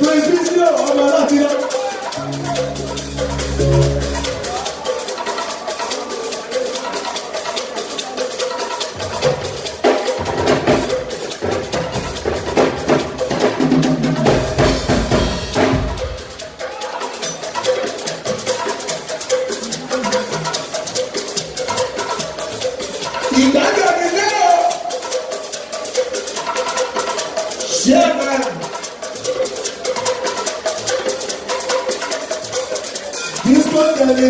Praise be to God, ọmọ láti rẹ̀.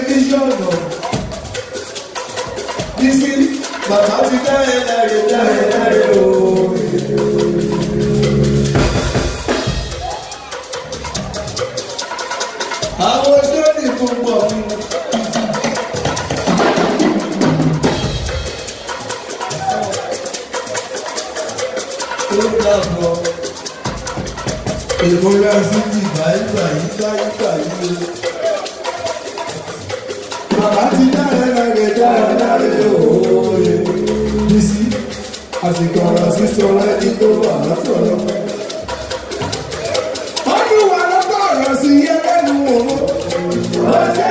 mílíọ̀nù. Bísí bàbá ti dá ẹ láre dá ẹ láre o. Àwọn tó ní fún pọ̀ fún. Ó dàbọ̀ ìmúra sí ìgbà ìgbà yìí bá ìgbà o bàbá ti dára lẹ́gbẹ̀ẹ́ dára láre òye. Bísí àsìkò ọ̀rọ̀ sísọ láti tó wà lọ́sọ̀rọ̀. Ọdún wa lọ́tọ̀ ọ̀rọ̀ sí yẹ́lẹ́nu òun. Ọjọ́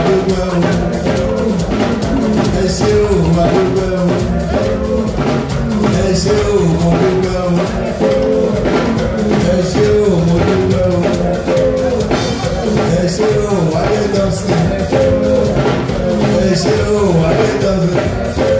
àdúgbò ẹ ṣé o àdúgbò ẹ ṣé o mo dúpẹ́ o ẹ ṣé o mo dúpẹ́ o ẹ ṣé o adédọ́sìn ẹ ṣé o adédọ́sìn.